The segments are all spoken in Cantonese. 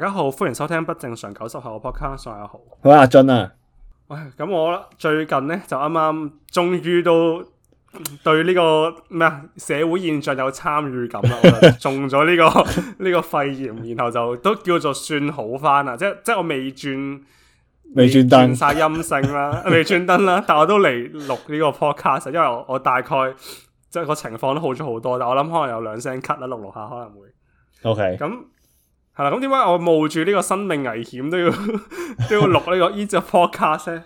大家好，歡迎收聽不正常九十後 podcast，我係阿豪，我係阿、啊、俊啊。喂、哎，咁我最近咧就啱啱終於都對呢、這個咩啊社會現象有參與感啦，我中咗呢、這個呢 個肺炎，然後就都叫做算好翻啦。即即我未轉未轉，轉燈晒陰性啦，未轉燈啦， 但我都嚟錄呢個 podcast，因為我我大概即個情況都好咗好多，但我諗可能有兩聲咳啦，錄錄下可能會。OK，咁。係啦，咁點解我冒住呢個生命危險都要都要錄呢個呢隻 podcast 咧？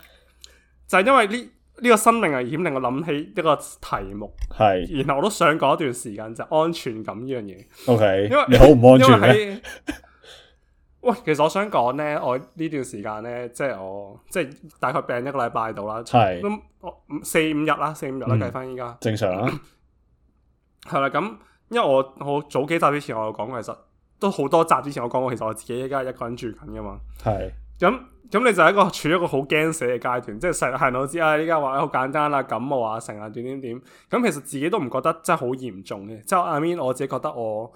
就係因為呢呢個生命危險令我諗起一個題目，係，然後我都想講一段時間就安全感呢樣嘢。OK，因為你好唔安全。喂，其實我想講咧，我呢段時間咧，即係我即係大概病一個禮拜度啦，係咁，我四五日啦，四五日啦，計翻依家正常啦。係啦，咁因為我我早幾集之前我有講過，其實。都好多集之前我講過，其實我自己依家一個人住緊㗎嘛。係是。咁咁、嗯嗯嗯、你就係一個處於一個好驚死嘅階段，即係細細路之啊，依家話好簡單啦、啊，感冒啊、成啊、點點點。咁其實自己都唔覺得真係好嚴重嘅。即係阿 I mean 我自己覺得我，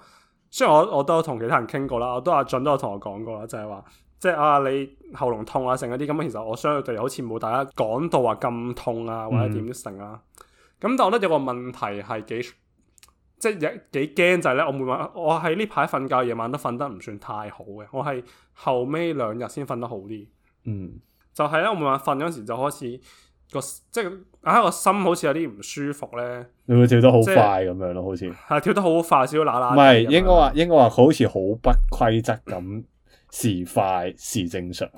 雖然我我都有同其他人傾過啦，我都阿俊都有同我講過啦，就係、是、話，即係啊你喉嚨痛啊成嗰啲咁，其實我相對好似冇大家講到話咁痛啊、嗯、或者點成啦。咁但我覺得有個問題係幾。即係幾驚就係咧，我每晚我喺呢排瞓覺夜晚都瞓得唔算太好嘅。我係後尾兩日先瞓得好啲，嗯，就係咧。我每晚瞓嗰時就開始個即係啊個心好似有啲唔舒服咧，你會跳得好快咁即樣咯，好似係跳得好快，少少嗱嗱，唔係是應該話，應該話佢好似好不規則咁時快時正常，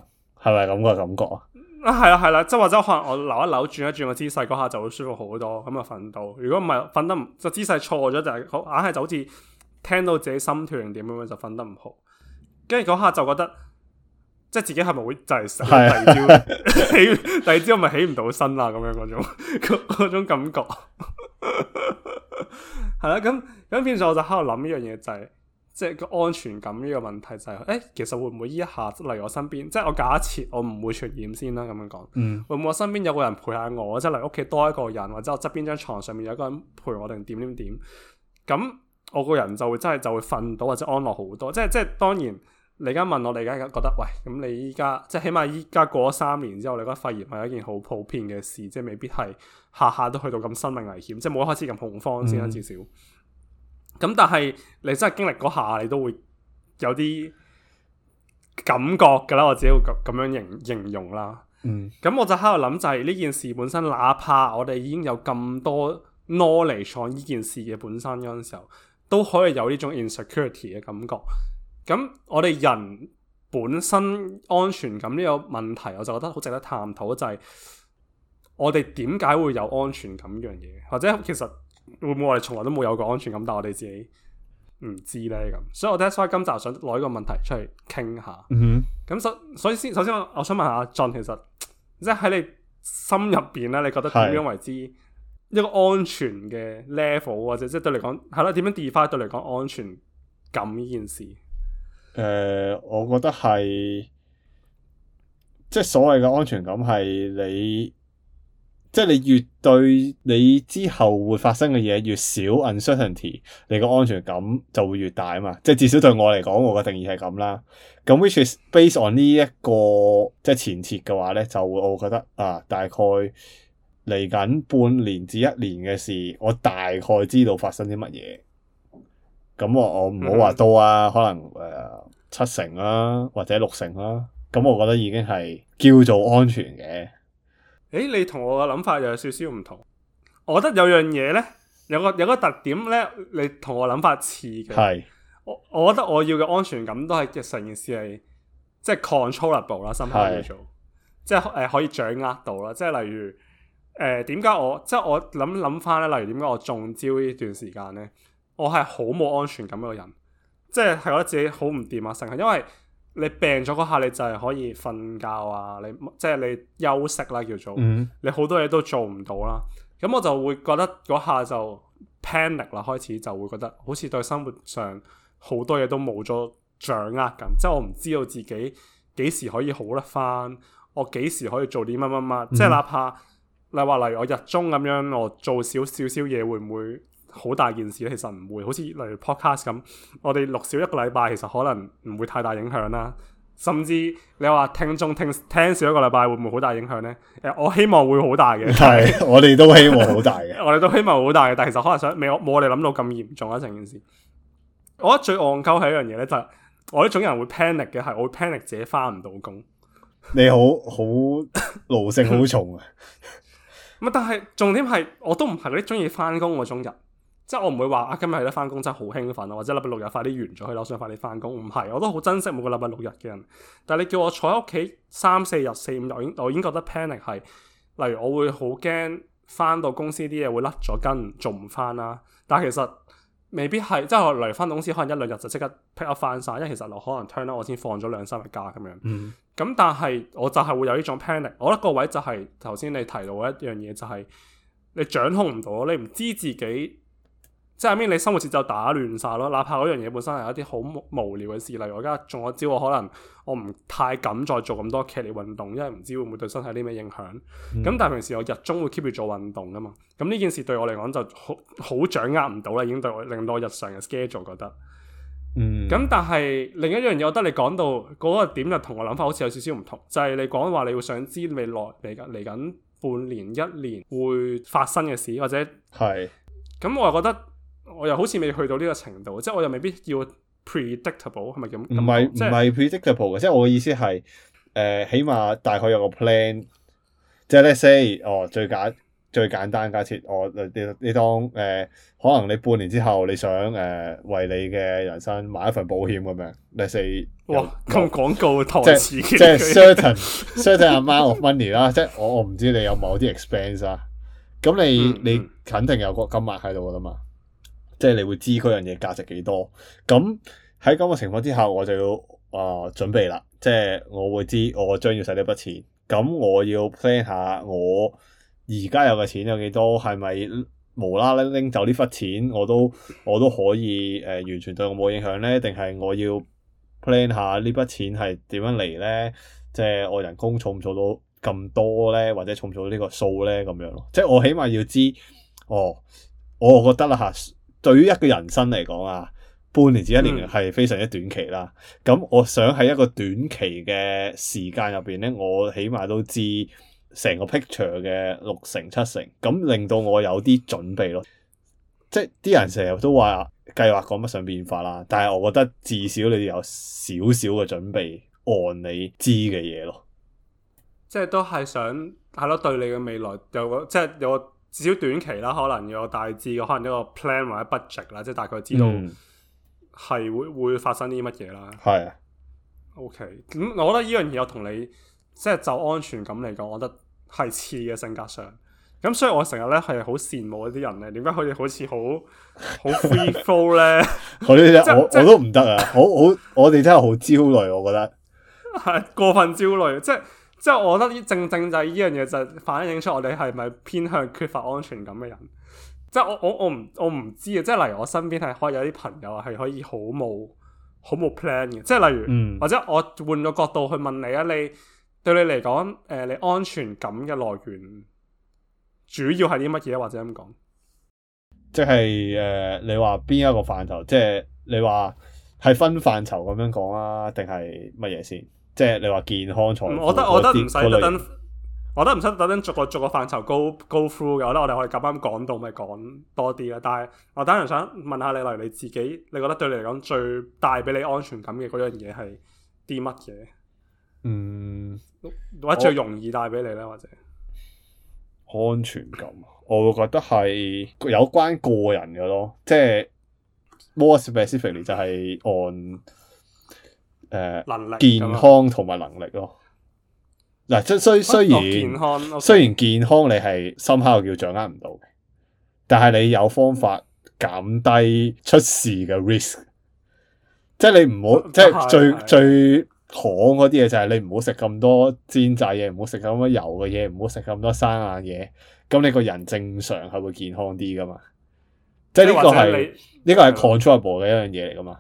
係咪咁個感覺啊？啊，係啦、啊，係啦、啊，即係或者可能我扭一扭，轉一轉個姿勢，嗰下就會舒服好多，咁啊瞓到。如果唔係瞓得，個姿勢錯咗就係，硬係就好似聽到自己心跳點點點就瞓得唔好，跟住嗰下就覺得，即係自己係咪會就係死第二朝， 第二朝咪起唔到身啊咁樣種，種感覺。係 啦、啊，咁咁變咗我就喺度諗呢樣嘢就係、是。即係個安全感呢個問題就係、是，誒、欸，其實會唔會依一下，嚟我身邊，即係我假設我唔會傳染先啦、啊，咁樣講，嗯、會唔會我身邊有個人陪下我，即係嚟屋企多一個人，或者我側邊張床上面有一個人陪我，定點點點，咁我個人就會真係就會瞓到或者安樂好多。即係即係，當然你而家問我，你而家覺得，喂，咁你依家即係起碼依家過咗三年之後，你覺得肺炎係一件好普遍嘅事，即係未必係下下都去到咁生命危險，即係冇一開始咁恐慌先啦、啊，嗯、至少。咁但係你真係經歷嗰下，你都會有啲感覺噶啦，我自己會咁咁樣形形容啦。嗯。咁我就喺度諗，就係呢件事本身，哪怕我哋已經有咁多 knowledge on 呢件事嘅本身嗰陣時候，都可以有呢種 insecurity 嘅感覺。咁我哋人本身安全感呢個問題，我就覺得好值得探討，就係、是、我哋點解會有安全感呢樣嘢，或者其實。會唔會我哋從來都冇有個安全感，但係我哋自己唔知咧，咁，所以我哋喺今集想攞一個問題出嚟傾下。咁所、嗯、哼所以先，首先我我想問下阿俊，John，其實即係喺你心入邊咧，你覺得點樣為之一個安全嘅 level，是或者即係對嚟講係啦，點樣 define 對嚟講安全感呢件事？誒、呃，我覺得係即係所謂嘅安全感係你。即係你越對你之後會發生嘅嘢越少 uncertainty，你個安全感就會越大啊嘛！即係至少對我嚟講，我嘅定義係咁啦。咁 which is based on this, 呢一個即係前設嘅話咧，就會我覺得啊，大概嚟緊半年至一年嘅事，我大概知道發生啲乜嘢。咁我我唔好話多啊，mm hmm. 可能誒、呃、七成啦、啊，或者六成啦、啊。咁我覺得已經係叫做安全嘅。誒，你同我嘅諗法又有少少唔同。我覺得有樣嘢咧，有個有個特點咧，你同我諗法似嘅。係是。我我覺得我要嘅安全感都係成件事係即係 controllable 啦，心態嚟做，是即係誒、呃、可以掌握到啦。即係例如誒點解我即係我諗諗翻咧，例如點解我中招呢段時間咧，我係好冇安全感一個人，即係係覺得自己好唔掂啊！成係因為。你病咗嗰下，你就係可以瞓覺啊！你即係你休息啦，叫做、嗯、你好多嘢都做唔到啦。咁我就會覺得嗰下就 panic 啦，開始就會覺得好似對生活上好多嘢都冇咗掌握感，即係我唔知道自己幾時可以好得翻，我幾時可以做啲乜乜乜，嗯、即係哪怕你話例如我日中咁樣，我做少少少嘢會唔會？好大件事咧，其實唔會，好似例如 podcast 咁，我哋錄少一個禮拜，其實可能唔會太大影響啦。甚至你話聽眾聽聽少一個禮拜，會唔會好大影響呢？誒，我希望會好大嘅。係我哋都希望好大嘅。 我哋都希望好大嘅，但係其實可能想未我冇我哋諗到咁嚴重啊！成件事，我覺得最戇鳩係一樣嘢咧，就係、我呢種人會 panic 嘅，係我會 panic 自己翻唔到工。你好好勞性好重啊！咁 但係重點係，我都唔係嗰啲中意翻工嗰種人。即係我唔會話啊，今日係得翻工真係好興奮咯，或者禮拜六日快啲完咗，我想快啲翻工。唔係，我都好珍惜每個禮拜六日嘅人。但係你叫我坐喺屋企三四日，四五日，我已經我已經覺得 panic 係。例如，我會好驚翻到公司啲嘢會甩咗根，跟做唔翻啦。但係其實未必係，即係我嚟，翻到公司可能一兩日就即刻 pick up 翻晒，因為其實可能 turn up 我先放咗兩三日假咁樣。咁、嗯、但係我就係會有呢種 panic。我覺得個位就係頭先你提到一樣嘢，就是，就係你掌控唔到，你唔知自己。即係後尾，你生活節奏打亂晒咯。哪怕嗰樣嘢本身係一啲好無、無聊嘅事，例如我而家中咗招，我可能我唔太敢再做咁多劇烈運動，因為唔知會唔會對身體有啲咩影響。咁、嗯、但係平時我日中會 keep 住做運動噶嘛。咁呢件事對我嚟講就好好掌握唔到啦，已經對我令到我日常嘅 schedule 覺得。嗯。咁但係另一樣嘢，我覺得你講到嗰、那個點，就同我諗法好似有少少唔同，就係、是、你講話你會想知未來嚟緊嚟緊半年一年會發生嘅事，或者係咁，是我覺得。我又好似未去到呢個程度，即係我又未必要 predictable 係咪咁？唔係唔係 predictable 嘅，即係我嘅意思係誒、呃，起碼大概有個 plan 即 say，哦。即係 let's say 哦最簡最簡單假設，我、哦、你你當誒、呃、可能你半年之後你想誒、呃、為你嘅人生買一份保險咁樣 let's say 哇咁有廣告台詞、就是、即係 certain certain amount of money 啦， 即係我我唔知你有冇啲 expense 啊，咁你、嗯嗯、你肯定有個金額喺度噶啦嘛。嗯。即係你會知嗰樣嘢價值幾多？咁喺咁嘅情況之下，我就要啊、呃、準備啦。即係我會知我將要使呢筆錢。咁我要 plan 下我而家有嘅錢有幾多？係咪無啦啦拎走呢筆錢我都我都可以誒、呃、完全對我冇影響咧？定係我要 plan 下呢筆錢係點樣嚟咧？即係我人工儲唔儲到咁多咧？或者儲唔儲到呢個數咧？咁樣咯，即係我起碼要知。哦，我,我覺得啦吓。啊對於一個人生嚟講啊，半年至一年係非常之短期啦。咁、嗯、我想喺一個短期嘅時間入邊咧，我起碼都知成個 picture 嘅六成七成，咁令到我有啲準備咯。即係啲人成日都話計劃趕不上變化啦，但係我覺得至少你有少少嘅準備，按你知嘅嘢咯。即係都係想係咯，對，對你嘅未來有個即係有個。至少短期啦，可能，有可能有一個大致嘅可能一個 plan 或者 budget 啦，即係大概知道係會會發生啲乜嘢啦。係、嗯。OK，咁我覺得呢樣嘢我同你即係就是、安全感嚟講，我覺得係似嘅性格上。咁所以我成日咧係好羨慕嗰啲人咧，點解佢哋好似好好 free flow 咧？ 我我都唔得啊！好好，我哋真係好焦慮，我覺得係過分焦慮，即係。即係我覺得呢正正就係呢樣嘢就反映出我哋係咪偏向缺乏安全感嘅人？即係我我我唔我唔知啊！即係例如我身邊係可以有啲朋友係可以好冇好冇 plan 嘅？即係例如，嗯，或者我換個角度去問你啊，你對你嚟講，誒，呃，你安全感嘅來源主要係啲乜嘢？或者咁講，即係誒，你話邊一個範疇？即係你話係分範疇咁樣講啊？定係乜嘢先？即係你話健康才，我覺得我覺得唔使等，我覺得唔使等，等逐個逐個範疇 go go through 嘅咧，我覺得我哋可以咁啱講到咪講多啲咯。但係我等人想問下你，例如你自己，你覺得對你嚟講最大俾你安全感嘅嗰樣嘢係啲乜嘢？嗯，或者最容易帶俾你咧，我或者安全感，我會覺得係有關個人嘅咯，即係 more specifically，嗯，就係按。誒，呃、能力 健康同埋能力咯。嗱，即雖雖然健康、okay. 雖然健康你係深刻又叫掌握唔到，嘅，但係你有方法減低出事嘅 risk，即係你唔好即係最最講嗰啲嘢，就係你唔好食咁多煎炸嘢，唔好食咁多油嘅嘢，唔好食咁多生硬嘢，咁你個人正常係會健康啲噶嘛？即係呢個係呢個係 controllable 嘅一樣嘢嚟噶嘛？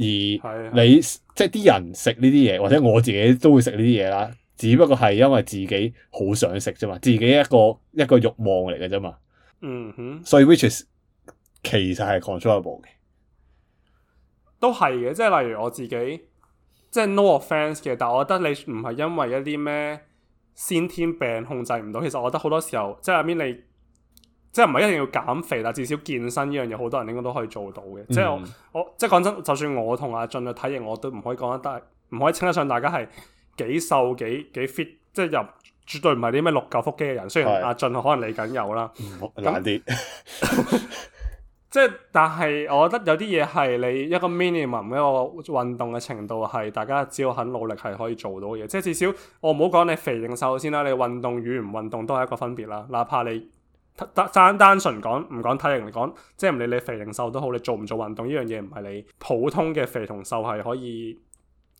而你係嘅，即係啲人食呢啲嘢，或者我自己都會食呢啲嘢啦，只不過係因為自己好想食啫嘛，自己一個一個欲望嚟嘅啫嘛。嗯哼，所以 which is 其實係 controllable 嘅，都係嘅。即係例如我自己，即係 no offense 嘅，但係我覺得你唔係因為一啲咩先天病控制唔到。其實我覺得好多時候，即係阿 m 你。即係唔係一定要減肥啦，但至少健身呢樣嘢，好多人應該都可以做到嘅。嗯、即係我，我，即係講真，就算我同阿俊嘅體型，我都唔可以講得，但係唔可以稱得上大家係幾瘦幾幾 fit，即係又絕對唔係啲咩六嚿腹肌嘅人。是雖然阿俊可能你緊有啦，咁難啲即係，但係我覺得有啲嘢係你一個 minimum 一個運動嘅程度，係大家只要肯努力係可以做到嘅嘢。即係至少我唔好講你肥定瘦先啦，你運動與唔運動都係一個分別啦。哪怕你。單單純講唔講體型嚟講，即係唔理你肥定瘦都好，你做唔做運動呢樣嘢唔係你普通嘅肥同瘦係可以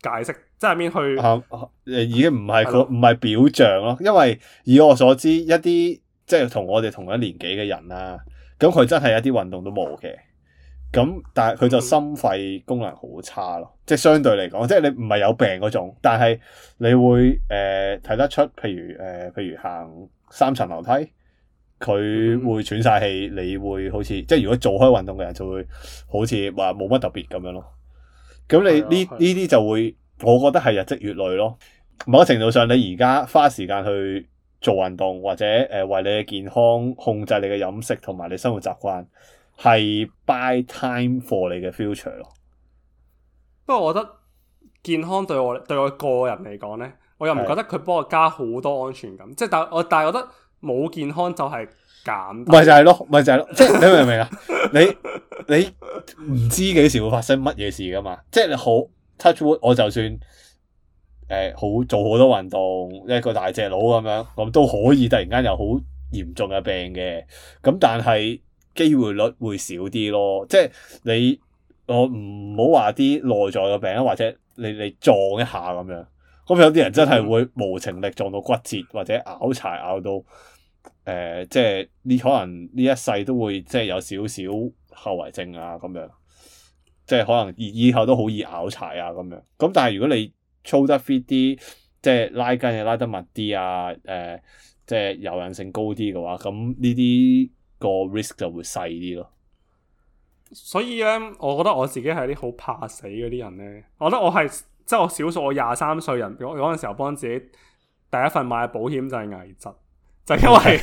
解釋，即係邊去、啊？已經唔係佢，唔係、嗯、表象咯。因為以我所知，一啲即係同我哋同一年紀嘅人啦、啊，咁佢真係一啲運動都冇嘅。咁但係佢就心肺功能好差咯。即係相對嚟講，即係你唔係有病嗰種，但係你會誒睇、呃、得出，譬如誒、呃，譬如行三層樓梯。佢會喘晒氣，嗯、你會好似即係如果做開運動嘅人就會好似話冇乜特別咁樣咯。咁你呢呢啲就會，我覺得係日積月累咯。某程度上，你而家花時間去做運動，或者誒為你嘅健康控制你嘅飲食同埋你生活習慣，係 buy time for 你嘅 future 咯。不過，我覺得健康對我對我個人嚟講咧，我又唔覺得佢幫我加好多安全感，即係的但係我但係覺得。冇健康就係減，咪 就係咯，咪就係咯，即係你明唔明啊？你你唔知幾時會發生乜嘢事噶嘛？即係你好 touch wood，我就算誒、呃、好做好多運動，一個大隻佬咁樣，咁都可以突然間有好嚴重嘅病嘅。咁但係機會率會少啲咯。即係你我唔好話啲內在嘅病啊，或者你你撞一下咁樣，咁有啲人真係會無情力撞到骨折，或者拗柴咬到。誒、呃，即係呢，可能呢一世都會即係有少少後遺症啊，咁樣，即係可能以以後都好易拗柴啊，咁樣。咁但係如果你操得 fit 啲，即係拉筋又拉得密啲啊，誒、呃，即係柔韌性高啲嘅話，咁呢啲個 risk 就會細啲咯。所以咧，我覺得我自己係啲好怕死嗰啲人咧，我覺得我係即係我少數我廿三歲人嗰嗰陣時候幫自己第一份買保險就係危疾。 因為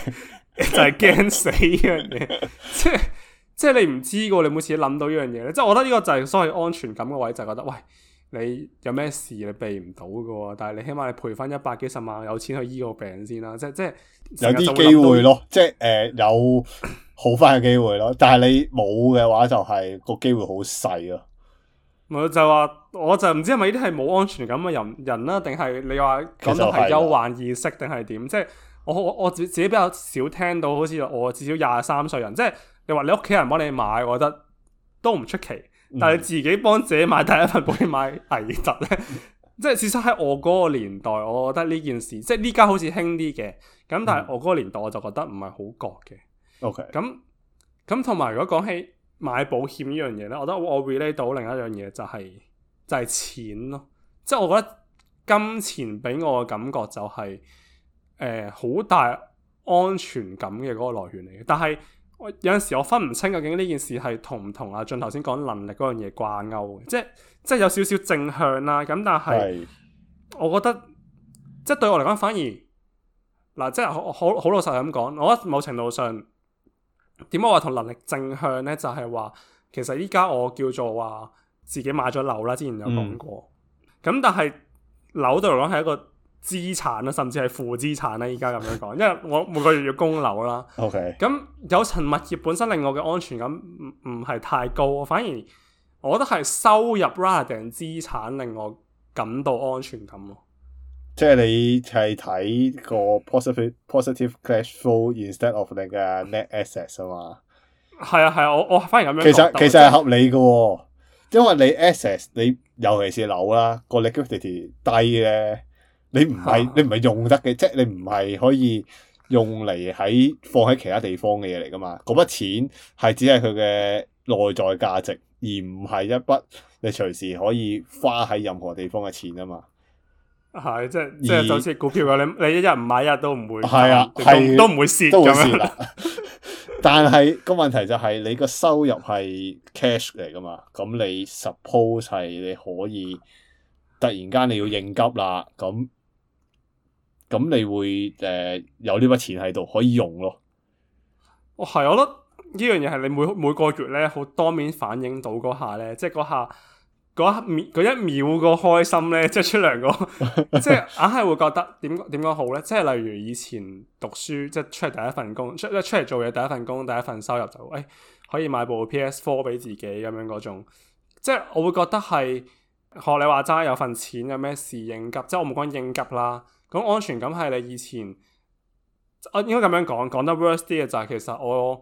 就係驚死呢樣嘢，即係即係你唔知噶，你每次諗到呢樣嘢咧，即係我覺得呢個就係所謂安全感嘅位，就覺得喂，你有咩事你避唔到噶，但係你起碼你賠翻一百幾十萬，有錢去醫個病先啦。即係即係有啲機會咯，即係誒、呃、有好翻嘅機會咯，但係你冇嘅話就係個機會好細咯。我就話我就唔知係咪呢啲係冇安全感嘅人人啦，定係你話咁都係憂患意識定係點？即係。我我自自己比較少聽到，好似我至少廿三歲人，即係你話你屋企人幫你買，我覺得都唔出奇。但係自己幫自己買第一份保險買危疾咧，即係事實喺我嗰個年代，我覺得呢件事即係呢家好似興啲嘅。咁，嗯，但係我嗰個年代我就覺得唔係好覺嘅。OK，咁咁同埋如果講起買保險呢樣嘢咧，我覺得我 relate 到另一樣嘢就係就係錢咯。即係我覺得金錢俾我嘅感覺就係。誒好、呃、大安全感嘅嗰個來源嚟嘅，但係有陣時我分唔清究竟呢件事係同唔同阿俊頭先講能力嗰樣嘢掛鈎嘅，即係即係有少少正向啦、啊。咁但係我覺得是即係對我嚟講反而嗱，即係好好好老實咁講，我覺得某程度上點解話同能力正向呢？就係、是、話其實依家我叫做話自己買咗樓啦，之前有講過，咁、嗯、但係樓對嚟講係一個。資產啦，甚至係負資產咧。依家咁樣講，因為我每個月要供樓啦。OK，咁有層物業本身令我嘅安全感唔唔係太高，我反而我覺得係收入 rather than 資產令我感到安全感咯。即係你係睇個 positive positive cash flow instead of 你嘅 net assets 啊嘛。係啊係啊，我我反而咁樣講。其實其實係合理嘅喎，因為你 assets 你尤其是樓啦，個 liquidity 低咧。你唔係你唔係用得嘅，即係你唔係可以用嚟喺放喺其他地方嘅嘢嚟噶嘛？嗰筆錢係只係佢嘅內在價值，而唔係一筆你隨時可以花喺任何地方嘅錢啊嘛。係即係即係，就好似股票而你你一日唔買一日都唔會係啊，係都唔會蝕咁樣。 但係個問題就係你個收入係 cash 嚟噶嘛？咁你 suppose 係你可以突然間你要應急啦，咁。咁你會誒、呃、有呢筆錢喺度可以用咯，哦係，我覺得呢樣嘢係你每每個月咧好當面反映到嗰下咧，即係嗰下嗰一秒嗰一秒個開心咧，即、就、係、是、出糧， 即係硬係會覺得點點講好咧？即係例如以前讀書即係出嚟，第一份工，出一出嚟做嘢第一份工，第一份收入就誒、哎、可以買部 PS4 俾自己咁樣嗰種，即係我會覺得係學你話齋有份錢有咩事應急，即係我唔講應急啦。咁安全感係你以前，我應該咁樣講講得 worse 啲嘅就係其實我，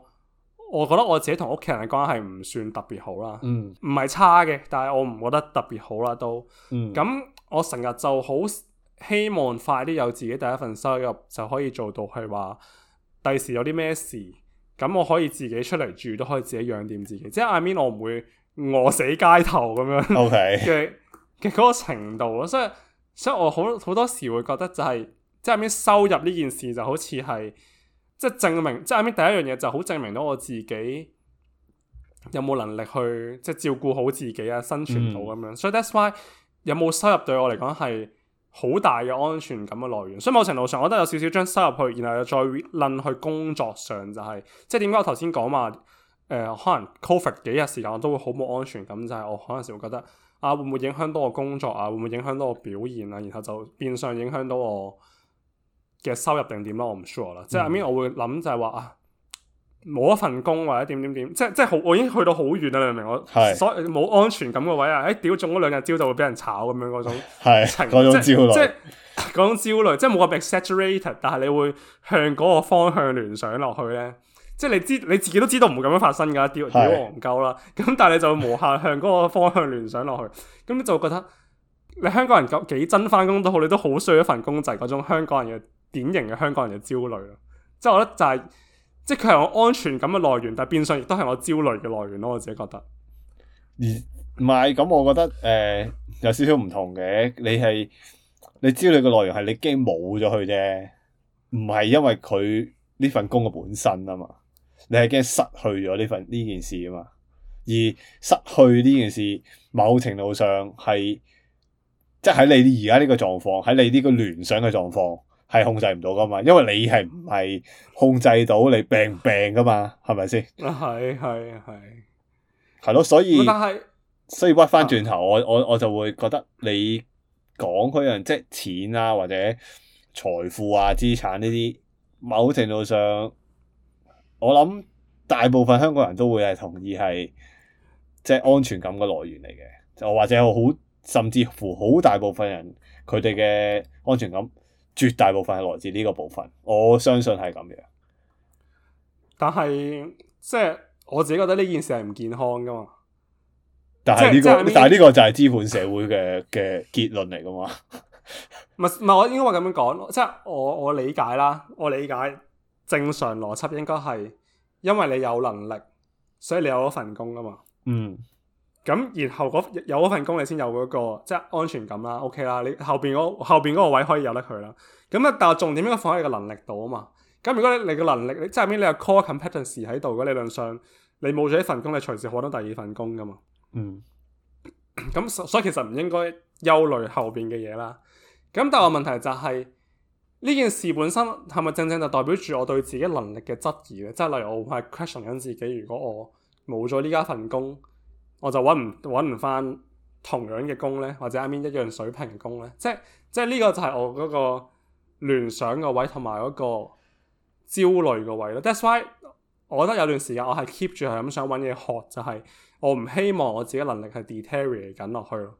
我覺得我自己同屋企人嘅關係唔算特別好啦，唔係、嗯、差嘅，但係我唔覺得特別好啦都。咁、嗯、我成日就好希望快啲有自己第一份收入就可以做到係話，第時有啲咩事，咁我可以自己出嚟住都可以自己養掂自己，即係 I mean 我唔會餓死街頭咁樣 Okay 嘅嘅嗰個程度啊，所以。所以我好好多時會覺得就係、是、即係面收入呢件事就好似係即係證明，即係面第一樣嘢就好證明到我自己有冇能力去即係照顧好自己啊，生存到咁樣，嗯、所以 that's why 有冇收入對我嚟講係好大嘅安全感嘅來源。所以某程度上我都有少少將收入去，然後又再論去工作上就係、是、即係點解我頭先講話，誒、呃，可能 cover 幾日時間我都會好冇安全感，就係、是、我可能時會覺得。啊，會唔會影響到我工作啊？會唔會影響到我表現啊？然後就變相影響到我嘅收入定點咯？我唔 sure 啦。嗯、即係 mean 我會諗就係話啊，冇一份工或者點點點，即係即係好，我已經去到好遠啦。你明唔明是我？所冇安全感嘅位啊，哎，屌中咗兩日朝就會俾人炒咁樣嗰種情，係嗰種焦慮，即係嗰種焦慮，即係冇個 exaggerated 但係你會向嗰個方向聯想落去咧。即係你知你自己都知道唔會咁樣發生㗎，屌屌憨鳩啦。咁但係你就會無限向嗰個方向聯想落去，咁 你就覺得你香港人咁幾真返工都好，你都好需要一份工。就係嗰種香港人嘅典型嘅香港人嘅焦慮咯。即係我覺得，就係、是，即係佢係我安全感嘅來源，但係變相亦都係我焦慮嘅來源咯。我自己覺得，而唔係咁，我覺得誒、呃、有少少唔同嘅。你係你焦慮嘅來源係你驚冇咗佢啫，唔係因為佢呢份工嘅本身吖嘛。你係驚失去咗呢份呢件事啊嘛，而失去呢件事，某程度上係，即係喺你而家呢個狀況，喺你呢個聯想嘅狀況，係控制唔到噶嘛，因為你係唔係控制到你病唔病噶嘛，係咪先？係係係，係咯，所以但係，所以屈翻轉頭，我我我就會覺得你講嗰樣，啊、即係錢啊或者財富啊資產呢啲，某程度上。我諗大部分香港人都會係同意係即係安全感嘅來源嚟嘅，就或者好甚至乎好大部分人佢哋嘅安全感絕大部分係來自呢個部分，我相信係咁樣。但係即係我自己覺得呢件事係唔健康噶嘛。但係呢個，但係呢個就係資本社會嘅嘅 結論嚟噶嘛？唔係唔係，我應該話咁樣講，即係我我理解啦，我理解。正常邏輯應該係，因為你有能力，所以你有咗份工啊嘛。嗯。咁然後有咗份工你、那個，你先有嗰個即係安全感啦。OK 啦，你後邊嗰後邊個位可以有得佢啦。咁咧，但係重點應該放喺你嘅能力度啊嘛。咁如果咧你嘅能力，即你即係邊你有 core competence 喺度，嘅理論上你冇咗呢份工，你隨時可攞第二份工噶嘛。嗯。咁 所以其實唔應該憂慮後邊嘅嘢啦。咁但係問題就係、是。呢件事本身係咪正正就代表住我對自己能力嘅質疑咧？即係例如我會係 question 緊自己，如果我冇咗呢家份工，我就揾唔揾唔翻同樣嘅工咧，或者啱啱 I mean, 一樣水平嘅工咧？即係即係呢個就係我嗰個聯想嘅位同埋嗰個焦慮嘅位咯。That's why 我覺得有段時間我係 keep 住係咁想揾嘢學，就係、是、我唔希望我自己能力係 deteriorate 緊落去咯。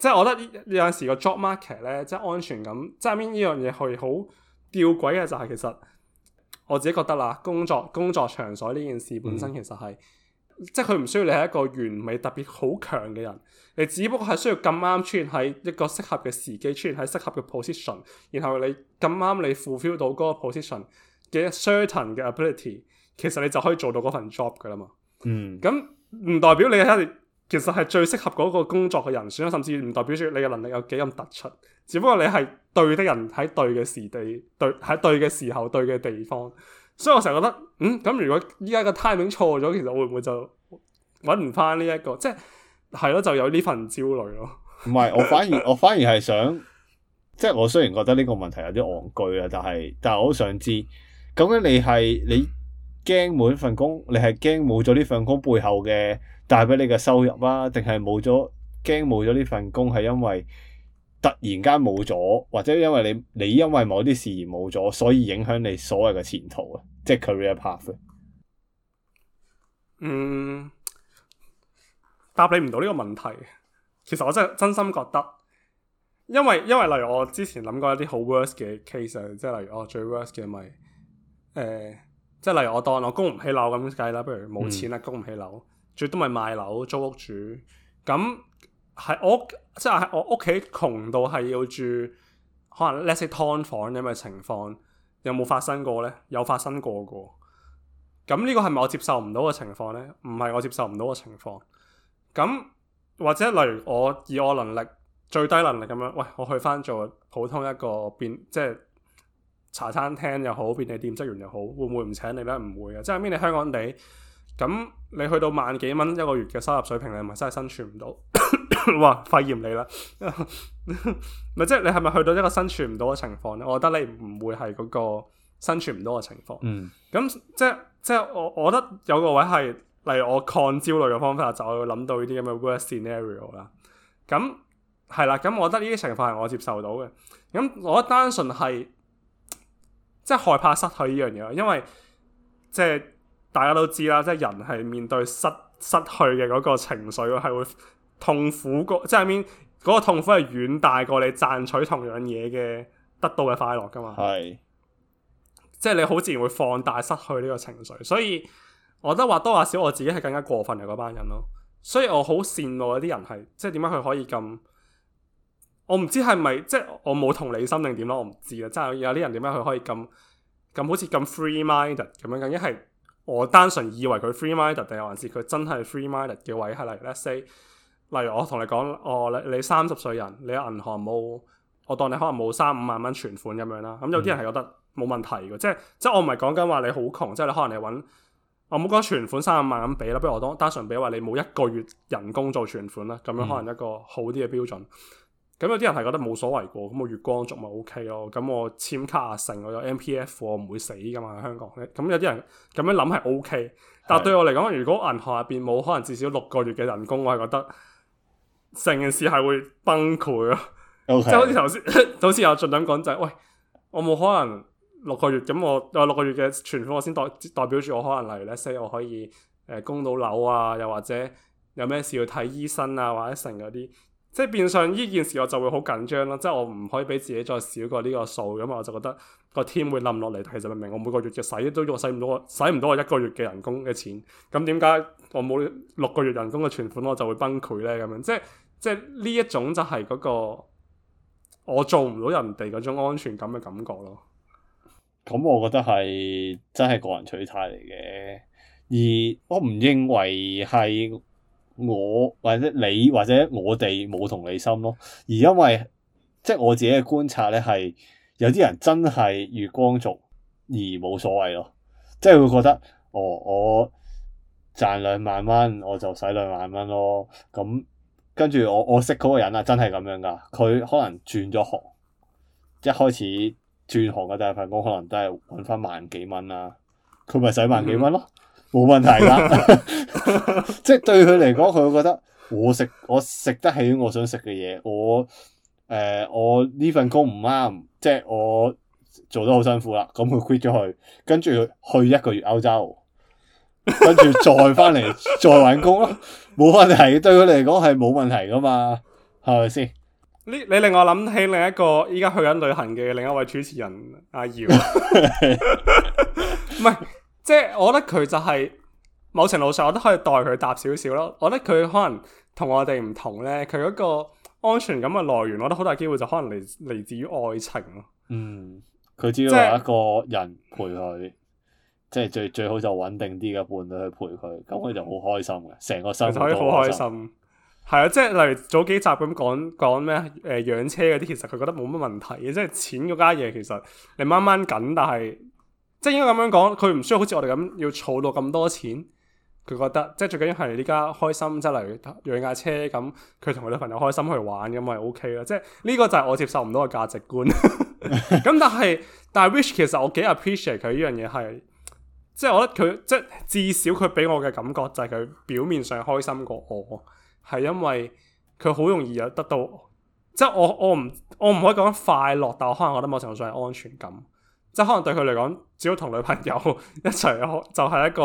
即係我覺得有呢有陣時個 job market 咧，即係安全感。即係呢樣嘢係好吊詭嘅，就係其實我自己覺得啦，工作工作場所呢件事本身其實係，嗯、即係佢唔需要你係一個完美特別好強嘅人，你只不過係需要咁啱出現喺一個適合嘅時機，出現喺適合嘅 position，然後你咁啱你 fulfill 到嗰個 position 嘅 certain 嘅 ability，其實你就可以做到嗰份 job 噶啦嘛。嗯。咁唔代表你喺。其實係最適合嗰個工作嘅人選，甚至唔代表住你嘅能力有幾咁突出。只不過你係對的人喺對嘅時地，對喺對嘅時候，對嘅地方。所以我成日覺得，嗯，咁如果依家個 timing 錯咗，其實會唔會就揾唔翻呢一個？即係係咯，就有呢份焦慮咯。唔係，我反而我反而係想， 即係我雖然覺得呢個問題有啲戇居啊，但係但係我都想知，咁咧你係你驚冇呢份工，你係驚冇咗呢份工背後嘅。帶俾你嘅收入啊？定係冇咗驚冇咗呢份工係因為突然間冇咗，或者因為你你因為某啲事而冇咗，所以影響你所謂嘅前途啊，即係 career path。嗯，答你唔到呢個問題。其實我真係真心覺得，因為因為例如我之前諗過一啲好 worse 嘅 case，即係例如我最 worse 嘅咪誒，即係例如我當我供唔起樓咁計啦，不如冇錢啦，嗯、供唔起樓。最多咪賣樓租屋住，咁係我即係我屋企窮到係要住可能 less 劏房咁嘅情況，有冇發生過呢？有發生過個，咁呢個係咪我接受唔到嘅情況呢？唔係我接受唔到嘅情況。咁或者例如我以我能力最低能力咁樣，喂，我去返做普通一個便即係茶餐廳又好，便利店職員又好，會唔會唔請你呢？唔會啊！即係喺你香港地。咁你去到萬幾蚊一個月嘅收入水平，你係咪真係生存唔到？哇！肺 炎你啦，咪即係你係咪去到一個生存唔到嘅情況咧？我覺得你唔會係嗰個生存唔到嘅情況。嗯。咁即係即係我，我覺得有個位係例如我抗焦慮嘅方法，就係、我諗到呢啲咁嘅 worst scenario 啦。咁係啦，咁我覺得呢啲情況係我接受到嘅。咁我覺得單純係即係害怕失去呢樣嘢，因為即係。大家都知啦，即係人係面對失失去嘅嗰個情緒，係會痛苦過，即係面嗰個痛苦係遠大過你賺取同樣嘢嘅得到嘅快樂噶嘛？係是，即係你好自然會放大失去呢個情緒，所以我覺得或多或少，我自己係更加過分嘅嗰班人咯。所以我好羨慕有啲人係，即係點解佢可以咁，我唔知係咪，即係我冇同理心定點咯，我唔知啦。即係有啲人點解佢可以咁咁好似咁 free mind 咁樣，一係。我單純以為佢 free minded 定還是佢真係 free minded 嘅位？係例 let's say，例如我同你講，我、哦、你你三十歲人，你銀行冇，我當你可能冇三五萬蚊存款咁樣啦。咁、嗯嗯、有啲人係覺得冇問題嘅，即係即係我唔係講緊話你好窮，即係你可能你揾我冇講存款三五萬咁俾啦。不如我當單純俾話你冇一個月人工做存款啦，咁樣可能一個好啲嘅標準。嗯嗯咁有啲人係覺得冇所謂嘅，咁我月光族咪 O K 咯。咁我簽卡啊，成，我有 M P F 我唔會死㗎嘛。香港咁有啲人咁樣諗係 O K，但對我嚟講，如果銀行入邊冇可能至少六個月嘅人工，我係覺得成件事係會崩潰咯。Okay. 即係好似頭先，好似阿俊諗講就係、是，喂，我冇可能六個月，咁我有、呃、六個月嘅存款，我先代代表住我可能，例如咧 say 我可以誒、呃、供到樓啊，又或者有咩事要睇醫生啊，或者成嗰啲。即係變相呢件事，我就會好緊張啦！即係我唔可以俾自己再少過呢個數，咁啊我就覺得個 team 會冧落嚟。其實明明我每個月就使都用使唔到我使唔到我一個月嘅人工嘅錢，咁點解我冇六個月人工嘅存款，我就會崩潰咧？咁樣即係即係呢一種就係嗰個我做唔到人哋嗰種安全感嘅感覺咯。咁我覺得係真係個人取態嚟嘅，而我唔認為係。我或者你或者我哋冇同理心咯，而因為即係、就是、我自己嘅觀察咧，係有啲人真係月光族而冇所謂咯，即係會覺得哦，我賺兩萬蚊我就使兩萬蚊咯。咁跟住我我識嗰個人啊，真係咁樣噶。佢可能轉咗行，一開始轉行嘅第一份工可能都係揾翻萬幾蚊啦，啊，佢咪使萬幾蚊咯。嗯。冇問題噶， 即係對佢嚟講，佢會覺得我食我食得起我想食嘅嘢，我誒、呃、我呢份工唔啱，即係我做得好辛苦啦，咁佢 quit 咗去，跟住去一個月歐洲，跟住再翻嚟再搵工咯，冇 問題，對佢嚟講係冇問題噶嘛，係咪先？呢你令我諗起另一個依家去緊旅行嘅另一位主持人阿姚，唔係。即係我覺得佢就係某程度上，我都可以代佢答少少咯。我覺得佢可能我同我哋唔同咧，佢嗰個安全感嘅來源，我覺得好大機會就可能嚟嚟自於愛情咯。嗯，佢只要有一個人陪佢，即係、嗯、最最好就穩定啲嘅伴侶去陪佢，咁佢、嗯、就好開心嘅，成、嗯、個生活都好開心。係啊，即係例如早幾集咁講講咩誒養車嗰啲，其實佢覺得冇乜問題，即係錢嗰家嘢其實你掹掹緊，但係。即係應該咁樣講，佢唔需要好似我哋咁要儲到咁多錢，佢覺得即係最緊要係依家開心，即係例如養架車咁，佢同佢女朋友開心去玩咁係 O K 啦。即係呢個就係我接受唔到嘅價值觀。咁 但係但係，which 其實我幾 appreciate 佢呢樣嘢係，即係我覺得佢即係至少佢俾我嘅感覺就係佢表面上開心過我，係因為佢好容易有得到，即係我我唔我唔可以講快樂，但係我可能覺得某程度上係安全感。即係可能對佢嚟講，只要同女朋友一齊，就係、是、一個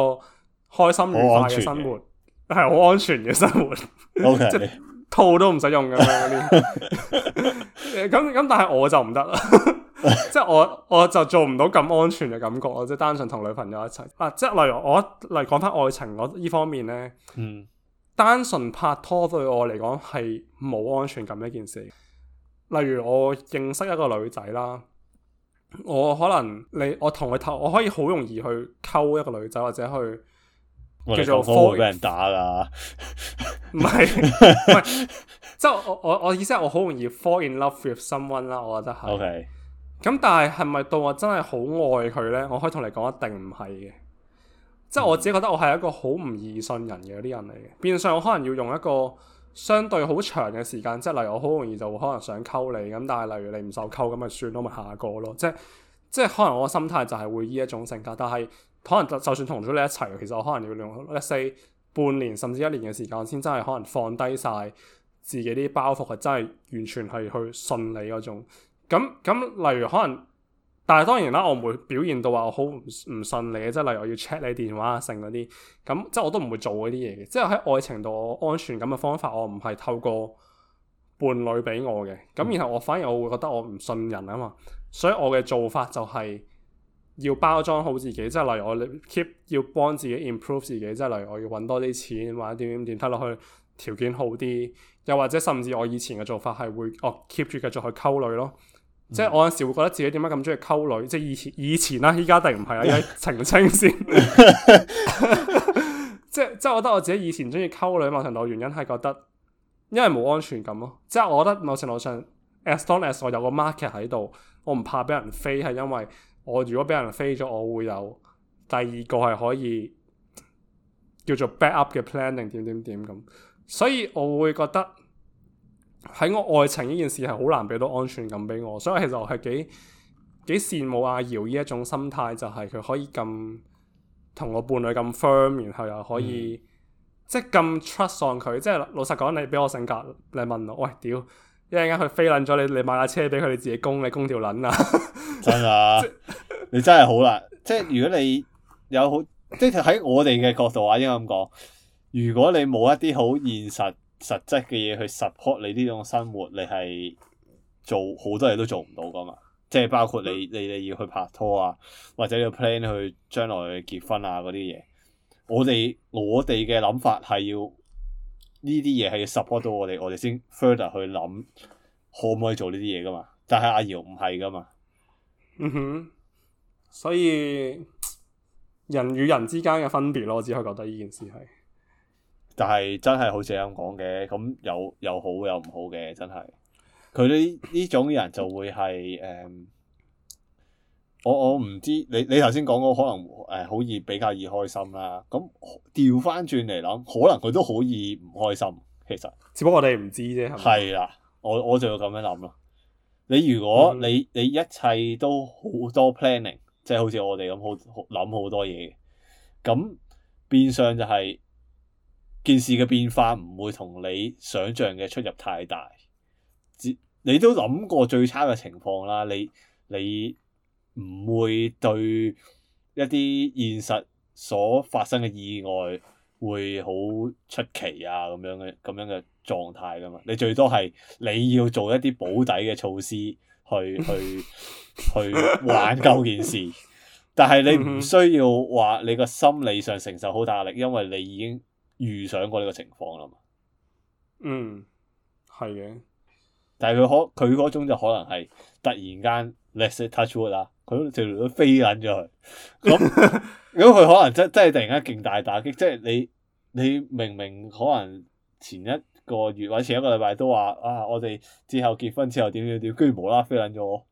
開心愉快嘅生活，係好安全嘅生活。Okay. 即係套都唔使用㗎喇嗰啲。咁咁， 但係我就唔得啦。 即係我我就做唔到咁安全嘅感覺。即係單純同女朋友一齊。啊，即係例如我例如講返愛情我呢方面咧，嗯，單純拍拖對我嚟講係冇安全感一件事。例如我認識一個女仔啦。我可能你我同佢透，我可以好容易去溝一個女仔或者去叫做 fall 俾人打啦，唔係唔係， 即係我我我意思係我好容易 fall in love with someone 啦，我覺得係，咁 Okay. 但係係咪到我真係好愛佢呢？我可以同你講一定唔係嘅，即係我自己覺得我係一個好唔易信人嘅嗰啲人嚟嘅，變相我可能要用一個。相對好長嘅時間，即係例如我好容易就可能想溝你咁，但係例如你唔受溝咁咪算咯，咪下個咯，即係即係可能我嘅心態就係會呢一種性格，但係可能就就算同咗你一齊，其實我可能要用一四半年甚至一年嘅時間先真係可能放低晒自己啲包袱，係真係完全係去信你嗰種。咁咁例如可能。但係當然啦，我唔會表現到話我好唔唔信你嘅，即係例如我要 check 你電話啊，剩嗰啲咁，即係我都唔會做嗰啲嘢嘅。即係喺愛情度，我安全感嘅方法，我唔係透過伴侶俾我嘅。咁然後我反而我會覺得我唔信人啊嘛，所以我嘅做法就係要包裝好自己，即係例如我 keep 要幫自己 improve 自己，即係例如我要揾多啲錢或者點點點，睇落去條件好啲，又或者甚至我以前嘅做法係會我 keep 住繼續去溝女咯。即係我有時會覺得自己點解咁中意溝女，即係以前以前啦，依家定唔係啊？因、啊、澄清先 即，即係即係我覺得我自己以前中意溝女某程度原因係覺得，因為冇安全感咯，啊。即係我覺得某程度上，as long as 我有個 market 喺度，我唔怕俾人飛，係因為我如果俾人飛咗，我會有第二個係可以叫做 back up 嘅 planning 點點點咁，所以我會覺得。喺我愛情呢件事係好難俾到安全感俾我，所以其實我係幾幾羨慕阿瑤呢一種心態，就係佢可以咁同我伴侶咁 firm，然後又可以、嗯、即係咁 trust 上佢。即係老實講，你俾我性格，你問我，喂，屌，一陣間佢飛捻咗你，你買架車俾佢，你自己供你供條捻啊？ 真噶的？ 你真係好難。即係 如果你有好，即係喺我哋嘅角度話，應該咁講，如果你冇一啲好現實。實質嘅嘢去 support 你呢種生活，你係做好多嘢都做唔到噶嘛？即係包括你，你哋要去拍拖啊，或者要 plan 去將來結婚啊嗰啲嘢。我哋我哋嘅諗法係要呢啲嘢係要 support 到我哋，我哋先 further 去諗可唔可以做呢啲嘢噶嘛？但係阿瑤唔係噶嘛。嗯哼，所以人與人之間嘅分別咯，我只可以覺得呢件事係。但係真係好似你咁講嘅，咁有有好有唔好嘅，真係佢哋呢種人就會係誒、嗯，我我唔知你你頭先講過可能誒好易比較易開心啦，咁調翻轉嚟諗，可能佢都好易唔開心，其實只不過我哋唔知啫，係啦，我我就要咁樣諗咯。你如果你你一切都好多 planning、嗯、好，好，好多 planning，即係好似我哋咁好好諗好多嘢，咁變相就係、是。件事嘅變化唔會同你想像嘅出入太大，你都諗過最差嘅情況啦你。你你唔會對一啲現實所發生嘅意外會好出奇啊，咁樣嘅咁樣嘅狀態㗎嘛？你最多係你要做一啲保底嘅措施去 去去挽救件事，但係你唔需要話你個心理上承受好大壓力，因為你已經遇上過呢個情況啦嘛，嗯，係嘅，但係佢可佢嗰種就可能係突然間 let's say touch wood 啊，佢就飛撚咗佢，咁咁佢可能真真係突然間勁大打擊，即係你你明明可能前一個月或者前一個禮拜都話啊，我哋之後結婚之後點點點，跟住冇啦飛撚咗，我。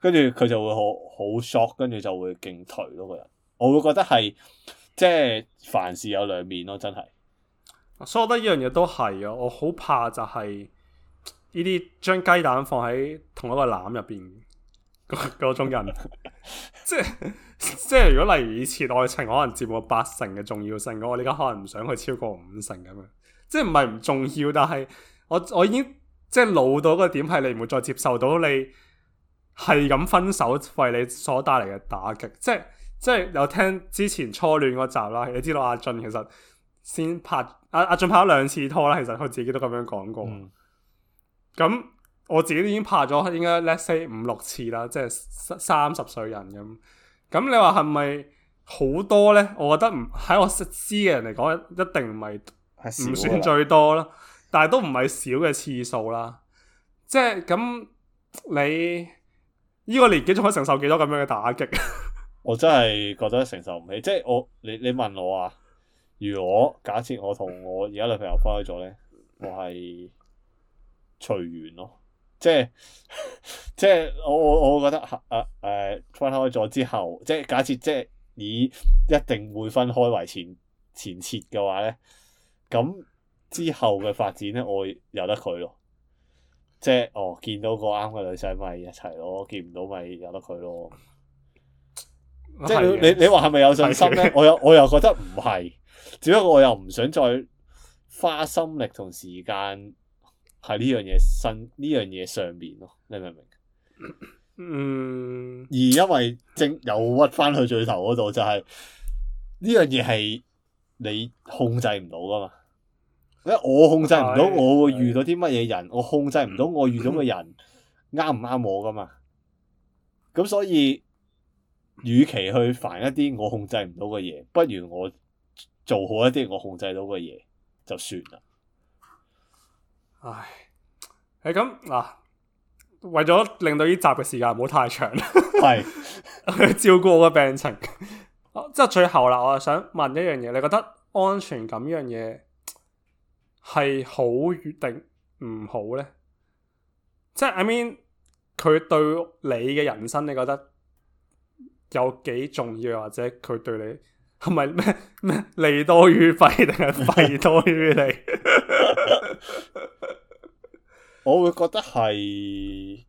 跟住佢就會好好 shock，跟住就會勁頹咯個人，我會覺得係即係凡事有兩面咯，真係。所以我覺得呢樣嘢都係啊，我好怕就係呢啲將雞蛋放喺同一個籃入邊嗰嗰種人， 即係即係如果例如以前愛情可能佔我八成嘅重要性，咁我而家可能唔想去超過五成咁樣，即係唔係唔重要，但係我我已經即係老到個點，係你唔會再接受到你係咁分手為你所帶嚟嘅打擊，即係即係有聽之前初戀嗰集啦，你知道阿俊其實。先拍阿阿、啊、俊拍咗兩次拖啦，其實佢自己都咁樣講過。咁、嗯、我自己都已經拍咗應該 let's say 五六次啦，即係三十歲人咁。咁你話係咪好多呢？我覺得唔喺我識知嘅人嚟講，一定唔係唔算最多啦，但係都唔係少嘅次數啦。即係咁你呢、呢個年紀仲可以承受幾多咁樣嘅打擊？ 我真係覺得承受唔起。即係我你你問我啊？如果假設我同我而家女朋友分開咗咧，我係隨緣咯，即係即係我我我覺得嚇啊、呃、分開咗之後，即係假設即係以一定會分開為前前設嘅話咧，咁之後嘅發展咧，我會由得佢咯，即係哦見到個啱嘅女仔咪一齊咯，見唔到咪由得佢咯。即係你你話係咪有信心咧？我又我又覺得唔係。只不過我又唔想再花心力同時間喺呢樣嘢身呢樣嘢上面咯，你明唔明？嗯。而因為正又屈翻去最頭嗰度就係呢樣嘢係你控制唔到噶嘛？因為我控制唔到我會遇到啲乜嘢人，我控制唔到我遇到嘅人啱唔啱我噶嘛？咁所以，與其去煩一啲我控制唔到嘅嘢，不如我。做好一啲我控制到嘅嘢就算啦。唉，係咁嗱，為咗令到呢集嘅時間唔好太長，係是 照顧我嘅病情。即 係最後啦，我就想問一樣嘢，你覺得安全感呢樣嘢係好定唔好呢？即係 I mean，佢對你嘅人生你覺得有幾重要，或者佢對你？係咪咩咩利多於弊，定係弊多於利？我會覺得係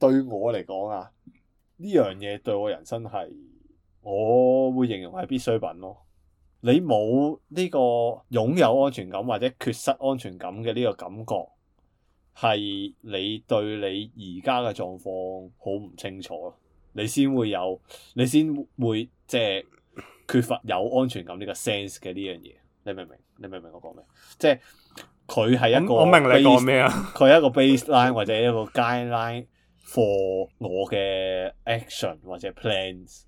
對我嚟講啊，呢樣嘢對我人生係我會形容係必需品咯。你冇呢個擁有安全感或者缺失安全感嘅呢個感覺，係你對你而家嘅狀況好唔清楚咯。你先會有，你先會即係。缺乏有安全感呢個 sense 嘅呢樣嘢，你明唔明？你明唔明我講咩？即係佢係一個，我明你講咩啊？佢係一個 baseline 或者一個 guideline for 我嘅 action 或者 plans，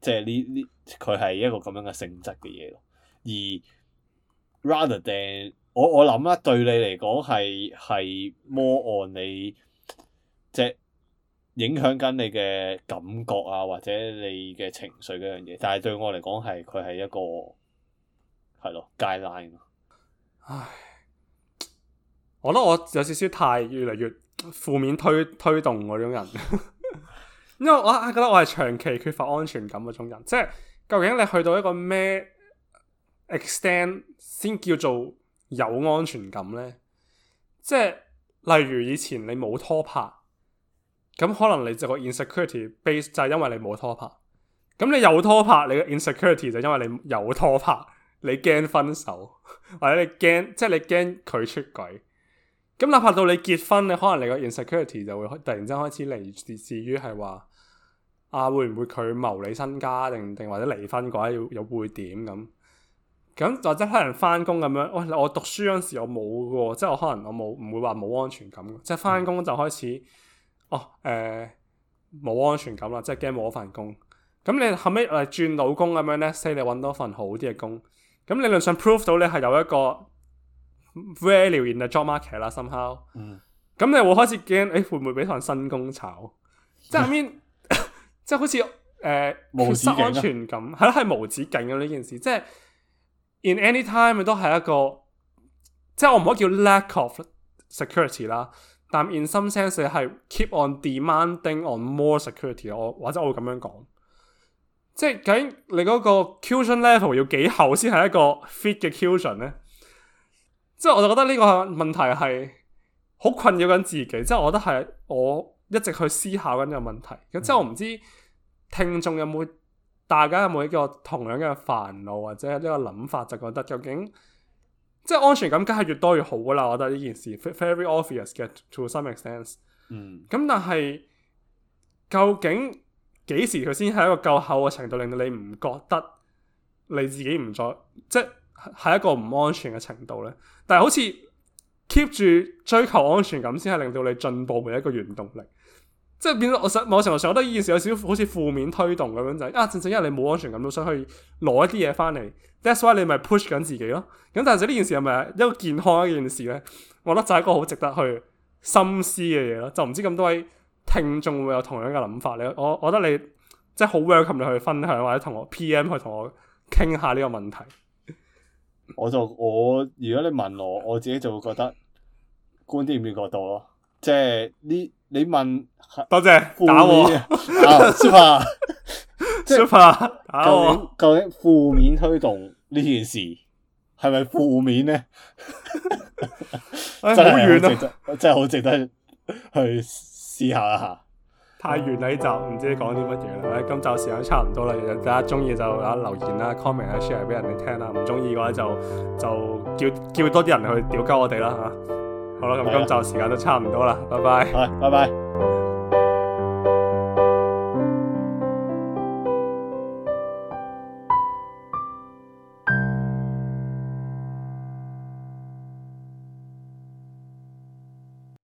即係呢呢佢係一個咁樣嘅性質嘅嘢咯。而 rather than 我我諗啦，對你嚟講係係 more on 你即係。影響緊你嘅感覺啊，或者你嘅情緒嗰樣嘢，但係對我嚟講，係佢係一個係咯 guideline。唉，我覺得我有少少太越嚟越負面推推動嗰種人， 因為我係覺得我係長期缺乏安全感嗰種人。即係究竟你去到一個咩 extent 先叫做有安全感呢？即係例如以前你冇拖拍，咁可能你個就個 insecurity base 就係因為你冇拖拍，咁你有拖拍，你個 insecurity 就因為你有拖拍，你驚分手，或者你驚即係你驚佢出軌，咁哪怕到你結婚，你可能你個 insecurity 就會突然間開始嚟，至至於係話啊會唔會佢謀你身家定定或者離婚嘅話，又會點咁？咁或者可能翻工咁樣，我、哦、我讀書嗰陣時我冇喎，即係我可能我冇唔會話冇安全感，嗯、即係翻工就開始。哦，誒冇安全感啦，即係驚冇咗份工。咁你後尾嚟轉老工咁樣咧，即係你揾多份好啲嘅工。咁理論上 prove 到你係有一個 value in the job market 啦，somehow。咁你會開始驚，誒會唔會俾份新工炒？即係面，即係好似誒，冇安全感係咯，係無止境嘅呢件事。即係 in any time 都係一個，即係我唔可以叫 lack of security 啦。但係，in some sense 係 keep on demanding on more security，我或者我會咁樣講，即係究竟你嗰個 cushion level 要幾厚先係一個 fit 嘅 cushion 咧？即係我就覺得呢個問題係好困擾緊自己，即係我覺得係我一直去思考緊呢個問題。咁、嗯、即係我唔知聽眾有冇大家有冇一個同樣嘅煩惱，或者呢個諗法就覺得究竟？即係安全感，梗係越多越好噶啦！我覺得呢件事 very obvious 嘅，to some extent。嗯。咁但係究竟幾時佢先係一個夠厚嘅程度，令到你唔覺得你自己唔再即係一個唔安全嘅程度呢？但係好似 keep 住追求安全感，先係令到你進步嘅一個原動力。即係變咗，我想某程度上，覺得呢件事有少少好似負面推動咁樣，就係啊，正正因為你冇安全感，都想去攞一啲嘢翻嚟。That's why 你咪 push 緊自己咯。咁但係就呢件事係咪一個健康一件事咧？我覺得就係一個好值得去深思嘅嘢咯。就唔知咁多位聽眾會唔會有同樣嘅諗法咧？我我覺得你即係好 welcome 你去分享或者同我 PM 去同我傾下呢個問題。我就我如果你問我，我自己就會覺得觀點嘅角度咯，即係呢。你問多謝,謝打我、 oh,，super，即係 super， 究竟究竟負面推動呢件事係咪負面咧？ 哎、 真係好遠啊！真係好值,值得去嘗試一下。太遠你就唔知講啲乜嘢啦。今集時間差唔多啦。大家中意就留留言啦、comment 啦、share 俾人哋聽啦。唔中意嘅話就就,就叫叫多啲人去屌鳩我哋啦嚇。好啦，咁今集時間都差唔多啦，的拜拜。拜拜。